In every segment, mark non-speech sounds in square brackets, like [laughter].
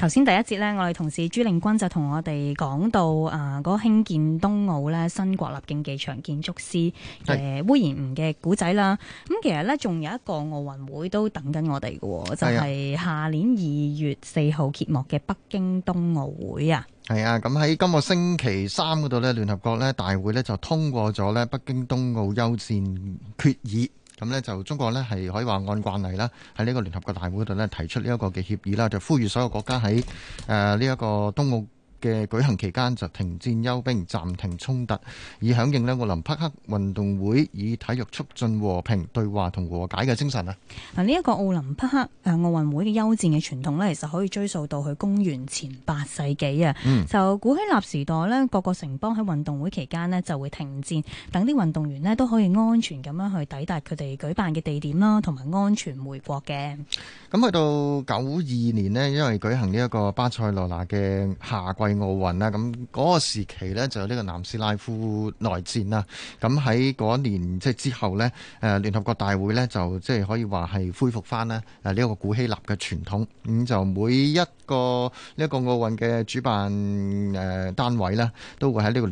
頭先第一節呢，我哋同事朱令君就同我哋講到啊，嗰、那個、興建東奧咧新國立競技場建築師嘅隈研吾嘅古仔啦。咁的、呃、其實呢，仲有一個奧運會都等緊我哋嘅，就係、是、下年二月四號揭幕嘅北京冬奧會啊。係啊，咁喺今個星期三嗰度呢，聯合國咧大會呢就通過咗咧北京冬奧休戰決議。咁呢就中國呢係可以話按慣例啦，喺呢個聯合國大會度呢提出呢一個嘅協議啦，就呼籲所有國家喺誒呢一個東澳嘅舉行期間就停戰休兵、暫停衝突，以響應咧奧林匹克運動會以體育促進和平對話同和，和解嘅精神啊！嗱，呢一個奧林匹克誒奧運會嘅休戰嘅傳統呢，其實可以追溯到去公元前八世紀啊。嗯，就古希臘時代呢，各個城邦喺運動會期間呢就會停戰，等啲運動員呢都可以安全咁樣去抵達佢哋舉辦嘅地點啦，同埋安全回國嘅。咁去到九二年呢，因為舉行呢一個巴塞羅那嘅夏季奧運啦，咁嗰、嗰個時期咧就有呢個南斯拉夫內戰啦，咁喺嗰年即係之後呢，誒聯合國大會呢，就即係可以話係恢復翻咧誒呢個古希臘嘅傳統，咁就每一個呢一個奧運嘅主辦誒單位呢，都會喺呢個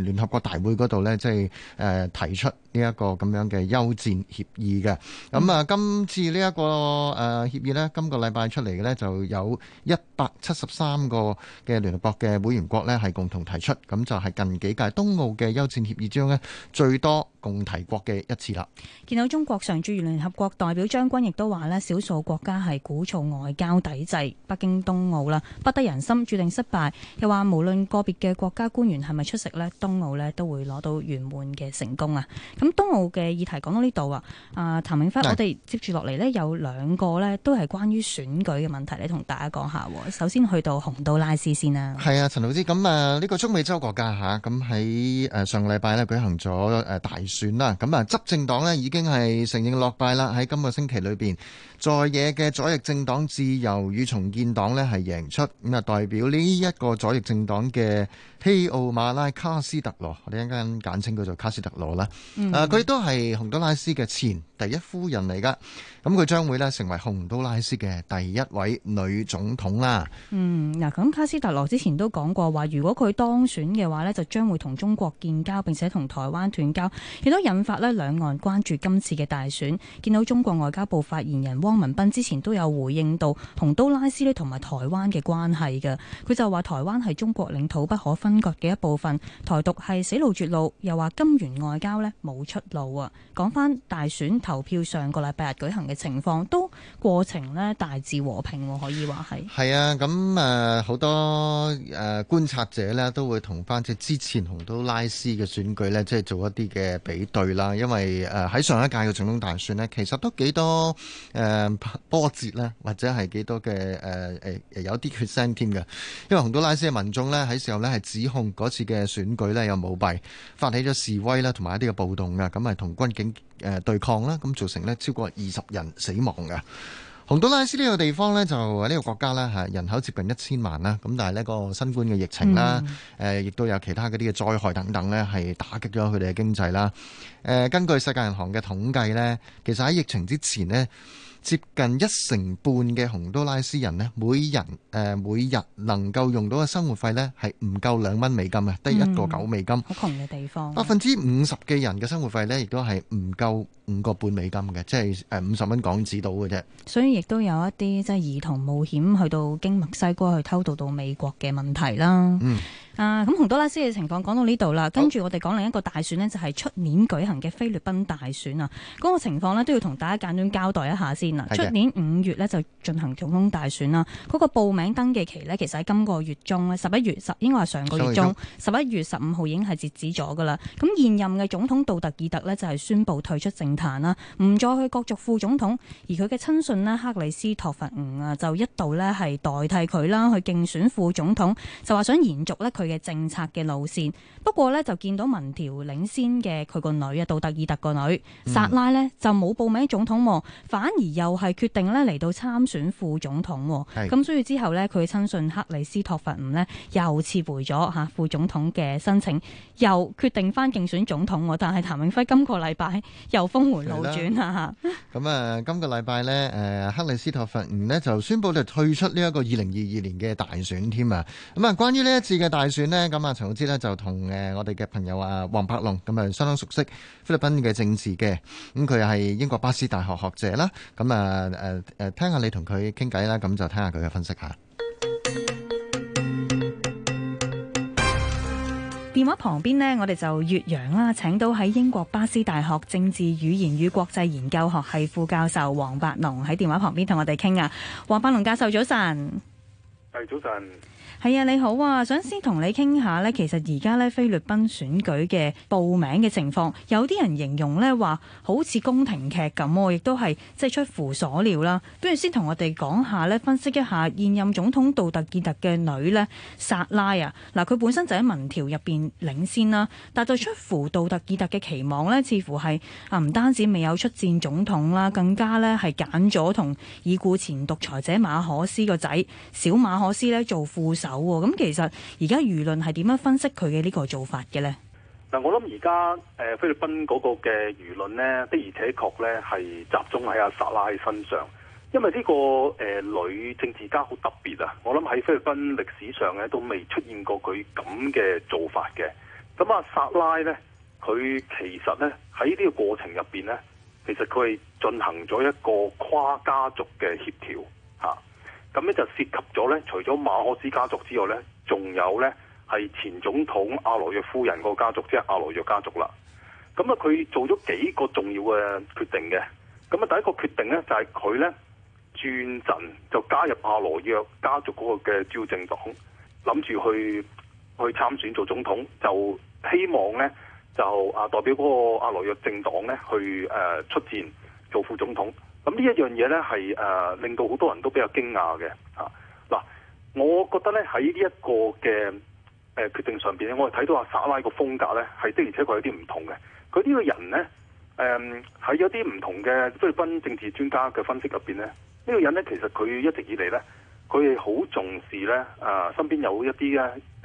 聯合國大會嗰度呢，即係誒提出。呢一個咁樣嘅休戰協議嘅，咁啊，今次呢一個誒協議呢，今個禮拜出嚟嘅呢，就有一百七十三個嘅聯合國嘅會員國呢，係共同提出，咁就係近幾屆冬奧嘅休戰協議之中呢，最多共提國嘅一次啦。見到中國常駐聯合國代表張軍亦都話呢，少數國家係鼓噪外交抵制北京冬奧啦，不得人心，注定失敗。又話無論個別嘅國家官員係咪出席呢冬奧呢，都會攞到圓滿嘅成功啊。咁東奧嘅議題講到呢度啊，阿、呃、譚永輝，是我哋接住落嚟呢，有兩個呢都係關於選舉嘅問題咧，同大家講下。首先去到洪都拉斯先啦。係啊，陳老師，咁啊呢個中美洲國家嚇，咁喺誒上個禮拜呢舉行咗誒大選啦。咁啊執政黨呢已經係承認落敗啦。喺今個星期裏邊，在野嘅左翼政黨自由與重建黨呢係贏出，咁啊代表呢一個左翼政黨嘅希奧馬拉卡斯特羅，我哋一間簡稱叫做卡斯特羅啦。嗯誒，佢都係洪都拉斯嘅前第一夫人嚟㗎，咁佢將會咧成為洪都拉斯嘅第一位女總統啦。嗯，嗱，咁卡斯特羅之前都講過話，如果佢當選嘅話呢，就將會同中國建交，並且同台灣斷交，亦都引發咧兩岸關注今次嘅大選。見到中國外交部發言人汪文斌之前都有回應到洪都拉斯咧同埋台灣嘅關係嘅，佢就話台灣係中國領土不可分割嘅一部分，台獨係死路絕路，又話金元外交呢冇出路啊。講返大選。投票上個禮拜日舉行嘅情況都過程咧大致和平喎、啊，可以話係。係啊，咁誒好多誒、呃、觀察者咧都會同翻即之前洪都拉斯嘅選舉咧，即係做一啲嘅比對啦。因為誒喺、呃、上一屆嘅總統大選咧，其實都幾多誒、呃、波折咧，或者係幾多嘅誒誒有啲血腥添嘅。因為洪都拉斯嘅民眾咧喺時候咧係指控嗰次嘅選舉咧有舞弊，發起咗示威啦，同埋一啲嘅暴動㗎，咁係同軍警誒、呃、對抗啦。咁造成呢超過二十人死亡嘅，洪都拉斯呢個地方呢，就、這、呢個國家啦吓，人口接近一千萬啦，咁但係呢個新冠嘅疫情啦，誒亦都、嗯、有其他嗰啲嘅災害等等呢，係打擊咗佢哋嘅經濟啦。誒根據世界銀行嘅統計呢，其實喺疫情之前呢。接近一成半嘅洪都拉斯人呢，每人誒、呃、每日能夠用到嘅生活費呢，係唔夠兩蚊美金嘅，得一個九美金。好窮嘅地方。百分之五十嘅人嘅生活費呢，亦都係唔夠五個半美金嘅，即係誒五十蚊港紙到嘅啫。所以亦都有一啲即係兒童冒險去到經墨西哥去偷渡到美國嘅問題啦。嗯。啊，咁洪多拉斯嘅情況講到呢度啦，跟住好我哋講另一個大選呢，就係、是、出年舉行嘅菲律賓大選啊。嗰、那個情況呢，都要同大家簡單交代一下先啦。出的年五月呢，就進行總統大選啦。嗰、那個報名登記期呢，其實喺今個月中，十一月十應該係上個月中，十一月十五號已經係截止咗㗎啦。咁現任嘅總統杜特爾特呢，就係、是、宣布退出政壇啦，唔再去角逐副總統，而佢嘅親信呢，克里斯托弗吳啊就一度呢，係代替佢啦去競選副總統，就話想延續呢，佢。嘅政策嘅路線。不過呢，就見到民調領先嘅佢個女啊，杜特爾特個女、嗯、薩拉呢，就冇報名總統喎，反而又係決定呢嚟到參選副總統喎。咁是所以之後呢，佢親信克里斯托弗吳呢，又撤回咗嚇副總統嘅申請，又決定翻競選總統。但係譚永輝今個禮拜又峰回路轉啊！咁啊的， [laughs] 今個禮拜呢，誒克里斯托弗吳呢，就宣布就退出呢一個二零二二年嘅大選添啊！咁啊，關於呢一次嘅大選。咁啊，陳老師咧就同誒我哋嘅朋友啊，黃伯農，咁啊相當熟悉菲律賓嘅政治嘅，咁佢係英國巴斯大學學者啦，咁啊誒誒，聽下你同佢傾偈啦，咁就聽下佢嘅分析下電話旁邊呢，我哋就越洋啦，請到喺英國巴斯大學政治語言與國際研究學系副教授黃伯農喺電話旁邊同我哋傾啊，黃伯農教授早晨。係，早晨。係啊，你好啊，想先同你傾下呢，其實而家呢，菲律賓選舉嘅報名嘅情況，有啲人形容呢話好似宮廷劇咁，啊，亦都係即係出乎所料啦。不如先同我哋講下呢，分析一下現任總統杜特爾特嘅女呢，薩拉啊，嗱佢本身就喺民調入邊領先啦，但就出乎杜特爾特嘅期望呢，似乎係啊唔單止未有出戰總統啦，更加呢係揀咗同已故前獨裁者馬可斯個仔小馬可斯呢做副手。咁其實而家輿論係點樣分析佢嘅呢個做法嘅呢？嗱，我諗而家誒菲律賓嗰個嘅輿論呢，的而且確咧係集中喺阿薩拉身上，因為呢個誒女政治家好特別啊！我諗喺菲律賓歷史上咧都未出現過佢咁嘅做法嘅。咁阿薩拉呢，佢其實呢，喺呢個過程入邊呢，其實佢係進行咗一個跨家族嘅協調。咁咧就涉及咗咧，除咗馬可斯家族之外咧，仲有咧係前總統阿羅約夫人個家族，即係阿羅約家族啦。咁啊，佢做咗幾個重要嘅決定嘅。咁啊，第一個決定咧就係佢咧轉陣就加入阿羅約家族嗰個嘅主要政黨，諗住去去參選做總統，就希望咧就啊代表嗰個阿羅約政黨咧去誒出戰做副總統。.咁呢一樣嘢呢，係令到好多人都比較驚訝嘅嚇。嗱，我覺得呢，喺呢一個嘅誒決定上面，我哋睇到阿薩拉個風格呢，係的而且確有啲唔同嘅。佢呢個人呢，喺有啲唔同嘅菲律賓政治專家嘅分析入面呢，呢、呢個人呢，其實佢一直以嚟呢，佢係好重視呢，身邊有一啲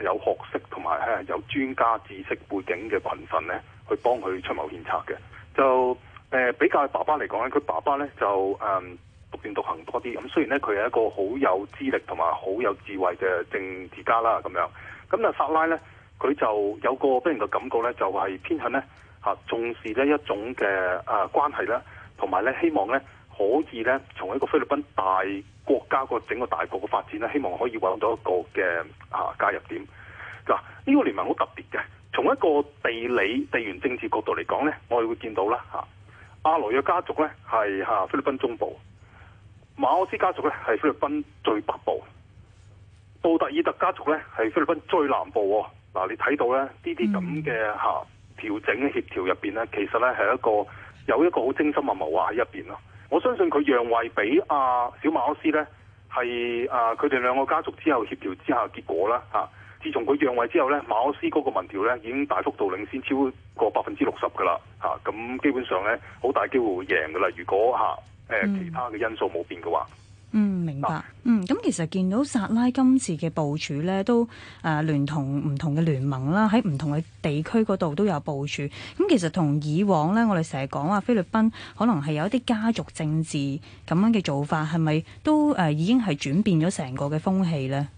有學識同埋有專家知識背景嘅群臣呢，去幫佢出謀獻策嘅就。誒比較爸爸嚟講咧，佢爸爸咧就誒獨斷獨行多啲。咁雖然咧，佢係一個好有資歷同埋好有智慧嘅政治家啦，咁樣。咁啊，薩拉咧，佢就有個俾人嘅感覺咧，就係偏向呢，重視呢一種嘅誒關係啦，同埋咧希望咧可以咧從一個菲律賓大國家個整個大國嘅發展咧，希望可以揾到一個嘅嚇加入點。嗱、這個，呢個聯盟好特別嘅，從一個地理地緣政治角度嚟講咧，我哋會見到啦嚇阿羅約家族咧係哈菲律賓中部，馬奧斯家族咧係菲律賓最北部，杜特爾特家族咧係菲律賓最南部喎。嗱，你睇到咧呢啲咁嘅哈調整協調入邊咧，其實咧係一個有一個好精心密謀劃喺入邊咯。我相信佢讓位俾阿小馬奧斯咧，係啊佢哋兩個家族之後協調之下嘅結果啦嚇。自從佢讓位之後呢，馬可斯嗰個民調呢已經大幅度領先，超過百分之六十噶啦。嚇，咁基本上呢，好大機會贏噶啦。如果嚇誒、呃、其他嘅因素冇變嘅話，嗯，明白，嗯，咁其實見到薩拉今次嘅部署呢，都誒、呃、聯同唔同嘅聯盟啦，喺唔同嘅地區嗰度都有部署。咁其實同以往呢，我哋成日講話菲律賓可能係有一啲家族政治咁樣嘅做法，係咪都誒、呃、已經係轉變咗成個嘅風氣呢？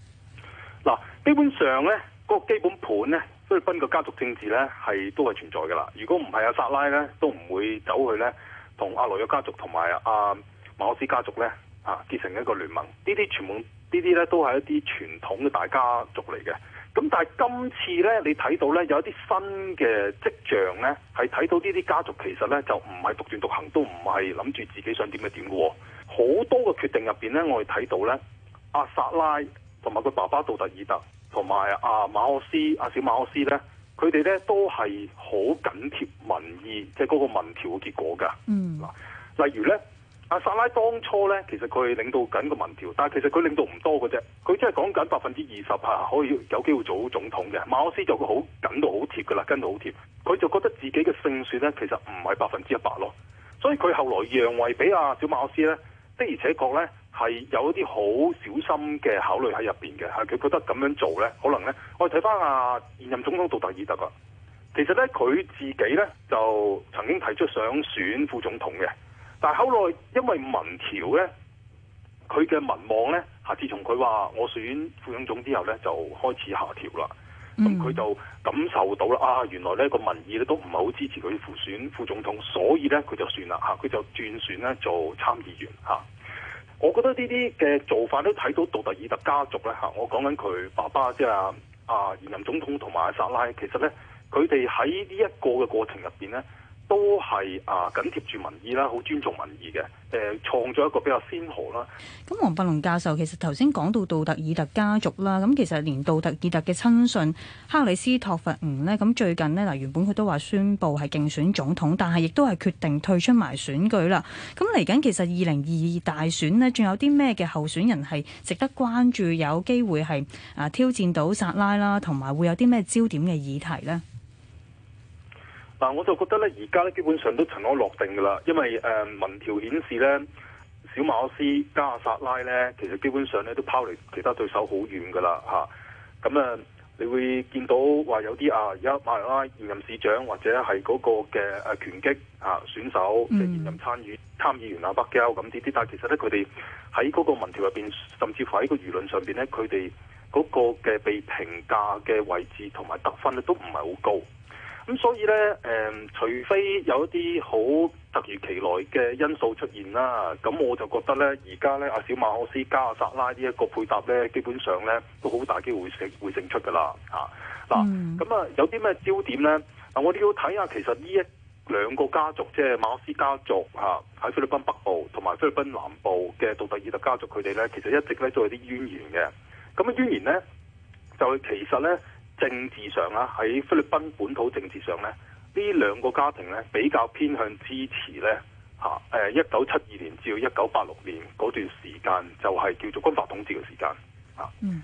嗱，基本上咧，嗰、那個基本盤咧，菲律賓個家族政治咧係都係存在嘅啦。如果唔係阿薩拉咧，都唔會走去咧同阿羅約家族同埋阿馬斯家族咧啊結成一個聯盟。呢啲全部呢啲咧都係一啲傳統嘅大家族嚟嘅。咁但係今次咧，你睇到咧有一啲新嘅跡象咧，係睇到呢啲家族其實咧就唔係獨斷獨行，都唔係諗住自己想點就點嘅喎。好多嘅決定入邊咧，我哋睇到咧阿薩拉。同埋佢爸爸杜特爾特同埋啊馬可斯啊小馬可斯咧，佢哋呢都係好緊貼民意，即係嗰個民調嘅結果㗎。嗯，嗱，例如呢，阿、啊、薩拉當初呢，其實佢領導緊個民調，但係其實佢領導唔多嘅啫，佢只係講緊百分之二十啊，可以有機會做總統嘅。馬可斯就會好緊到好貼㗎啦，跟到好貼，佢就覺得自己嘅勝算呢其實唔係百分之一百咯，所以佢後來讓位俾阿、啊、小馬可斯咧，的而且確呢。係有一啲好小心嘅考慮喺入邊嘅，係、啊、佢覺得咁樣做呢，可能呢，我哋睇翻阿現任總統杜特爾特啊，其實呢，佢自己呢，就曾經提出想選副總統嘅，但係後來因為民調呢，佢嘅民望呢，嚇、啊，自從佢話我選副總統之後呢，就開始下調啦，咁佢就感受到啦啊，原來呢個民意呢都唔係好支持佢副選副總統，所以呢，佢就算啦嚇，佢、啊、就轉選呢做參議員嚇。啊我覺得呢啲嘅做法都睇到杜特爾特家族咧嚇，我講緊佢爸爸即係啊啊、現任總統同埋阿薩拉，其實咧佢哋喺呢一個嘅過程入邊呢。咧。都係啊，緊貼住民意啦，好尊重民意嘅。誒，創造一個比較先河啦。咁黃伯農教授，其實頭先講到杜特爾特家族啦，咁其實連杜特爾特嘅親信克里斯托弗吳呢，咁最近呢，嗱，原本佢都話宣佈係競選總統，但係亦都係決定退出埋選舉啦。咁嚟緊其實二零二二大選呢，仲有啲咩嘅候選人係值得關注，有機會係啊挑戰到薩拉啦，同埋會有啲咩焦點嘅議題呢？嗱，我就覺得咧，而家咧基本上都塵埃落定噶啦，因為誒民調顯示咧，小馬斯加薩拉咧，其實基本上咧都拋離其他對手好遠噶啦嚇。咁啊，你會見到話有啲啊，而家馬尼拉現任市長或者係嗰個嘅誒拳擊啊選手嘅、即係、現任參與參議員啊，北交咁啲啲，但係其實咧佢哋喺嗰個民調入面，甚至乎喺個輿論上面咧，佢哋嗰個嘅被評價嘅位置同埋得分咧都唔係好高。咁所以咧，誒、嗯，除非有一啲好突如其來嘅因素出現啦，咁我就覺得咧，而家咧，阿小馬可斯加薩拉呢一個配搭咧，基本上咧都好大機會勝會勝出噶啦，嚇！嗱，咁啊，嗯嗯、有啲咩焦點咧？嗱、啊，我哋要睇下，其實呢一兩個家族，即係馬可斯家族嚇喺、啊、菲律賓北部同埋菲律賓南部嘅杜特爾特家族佢哋咧，其實一直咧都有啲淵源嘅。咁啊淵源咧，就係其實咧。政治上啦，喺菲律賓本土政治上咧，呢兩個家庭咧，比較偏向支持咧嚇，誒一九七二年至一九八六年嗰段時間就係叫做軍法統治嘅時間嚇。嗯，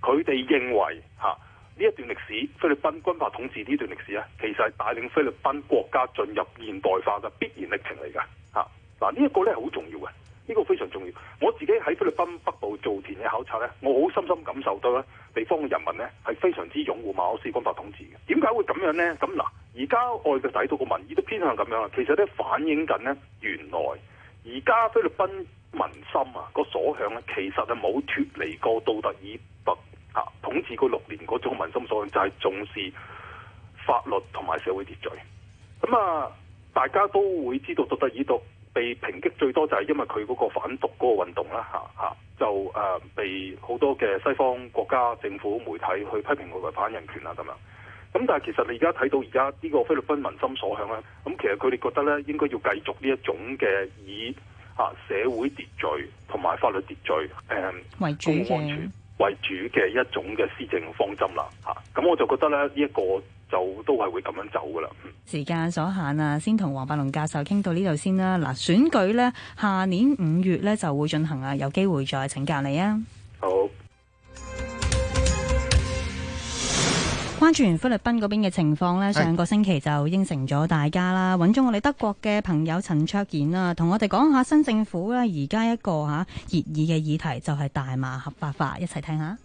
佢哋認為嚇呢一段歷史菲律賓軍法統治呢段歷史啊，其實係帶領菲律賓國家進入現代化嘅必然歷程嚟㗎嚇。嗱，呢一個咧係好重要嘅。呢個非常重要。我自己喺菲律賓北部做田野考察呢我好深深感受到呢地方嘅人民呢係非常之擁護馬可斯軍法統治嘅。點解會咁樣呢？咁嗱，而家我哋睇到嘅民意都偏向咁樣啦。其實都反映緊呢，原來而家菲律賓民心啊個所向呢，其實就冇脫離過杜特爾特啊統治嘅六年嗰種民心所向，就係重視法律同埋社會秩序。咁啊，大家都會知道杜特爾特。被抨擊最多就係因為佢嗰個反毒嗰個運動啦，嚇嚇，就誒被好多嘅西方國家政府媒體去批評佢違反人權啊咁樣，咁但係其實你而家睇到而家呢個菲律賓民心所向咧，咁其實佢哋覺得咧，應該要繼續呢一種嘅以嚇社會秩序同埋法律秩序誒，為主嘅安全為主嘅一種嘅施政方針啦嚇，咁我就覺得咧呢一個。就都係會咁樣走噶啦。時間所限啊，先同黃伯農教授傾到呢度先啦。嗱，選舉呢，下年五月呢就會進行啊，有機會再請教你啊。好，關注完菲律賓嗰邊嘅情況呢，上個星期就應承咗大家啦，揾咗是我哋德國嘅朋友陳卓妍啊，同我哋講下新政府呢。而家一個吓熱議嘅議題，就係、是、大麻合法化，一齊聽一下。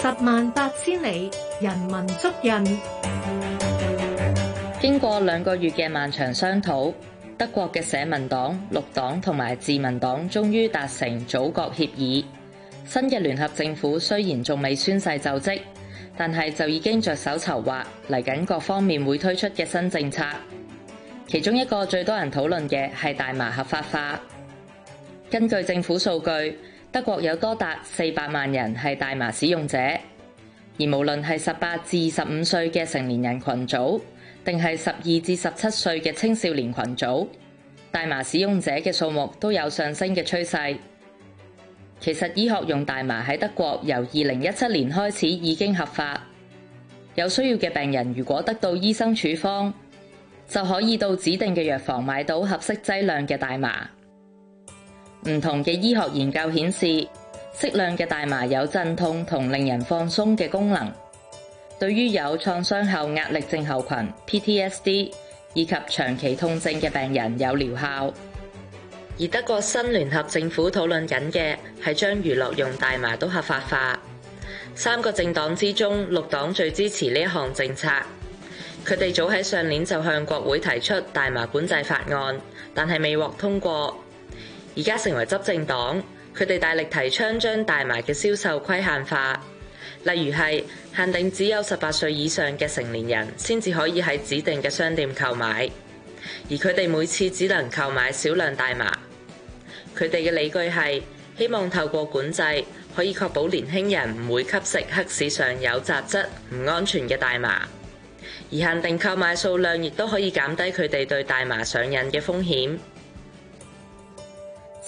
十萬八千里，人文足印。經過兩個月嘅漫長商討，德國嘅社民黨、綠黨同埋自民黨終於達成組閣協議。新嘅聯合政府雖然仲未宣誓就職，但係就已經着手籌劃嚟緊各方面會推出嘅新政策。其中一個最多人討論嘅係大麻合法化。根據政府數據，德國有多達四百萬人係大麻使用者，而無論係十八至十五歲嘅成年人群組，定係十二至十七歲嘅青少年群組，大麻使用者嘅數目都有上升嘅趨勢。其實，醫學用大麻喺德國由二零一七年開始已經合法，有需要嘅病人如果得到醫生處方，就可以到指定嘅藥房買到合適劑量嘅大麻。唔同嘅醫學研究顯示，適量嘅大麻有鎮痛同令人放鬆嘅功能，對於有創傷後壓力症候群 （PTSD） 以及長期痛症嘅病人有療效。而德國新聯合政府討論緊嘅係將娛樂用大麻都合法化。三個政黨之中，綠黨最支持呢一項政策。佢哋早喺上年就向國會提出大麻管制法案，但係未獲通過。而家成為執政黨，佢哋大力提倡將大麻嘅銷售規限化，例如係限定只有十八歲以上嘅成年人先至可以喺指定嘅商店購買，而佢哋每次只能購買少量大麻。佢哋嘅理據係希望透過管制可以確保年輕人唔會吸食黑市上有雜質、唔安全嘅大麻，而限定購買數量亦都可以減低佢哋對大麻上癮嘅風險。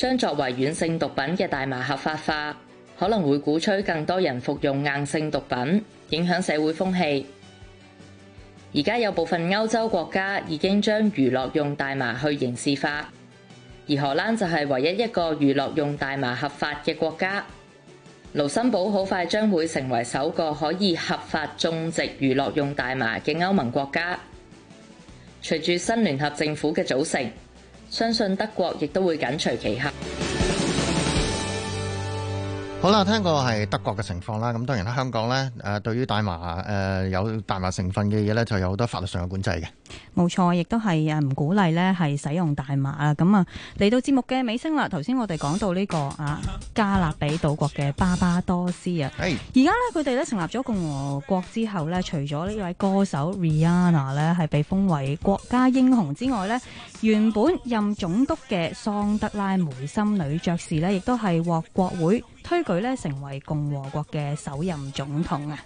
將作為軟性毒品嘅大麻合法化，可能會鼓吹更多人服用硬性毒品，影響社會風氣。而家有部分歐洲國家已經將娛樂用大麻去刑事化，而荷蘭就係唯一一個娛樂用大麻合法嘅國家。盧森堡好快將會成為首個可以合法種植娛樂用大麻嘅歐盟國家。隨住新聯合政府嘅組成。相信德國亦都會緊隨其後。好啦，聽過係德國嘅情況啦。咁當然喺香港呢誒，對於大麻誒、呃、有大麻成分嘅嘢呢，就有好多法律上嘅管制嘅。冇錯，亦都係啊，唔鼓勵呢係使用大麻啊。咁啊，嚟到節目嘅尾聲啦。頭先我哋講到呢個啊加勒比島國嘅巴巴多斯啊，係而家呢，佢哋咧成立咗共和國之後呢，除咗呢位歌手 Rihanna 呢係被封為國家英雄之外呢，原本任總督嘅桑德拉梅森女爵士呢，亦都係獲國會。推舉咧成為共和國嘅首任總統啊！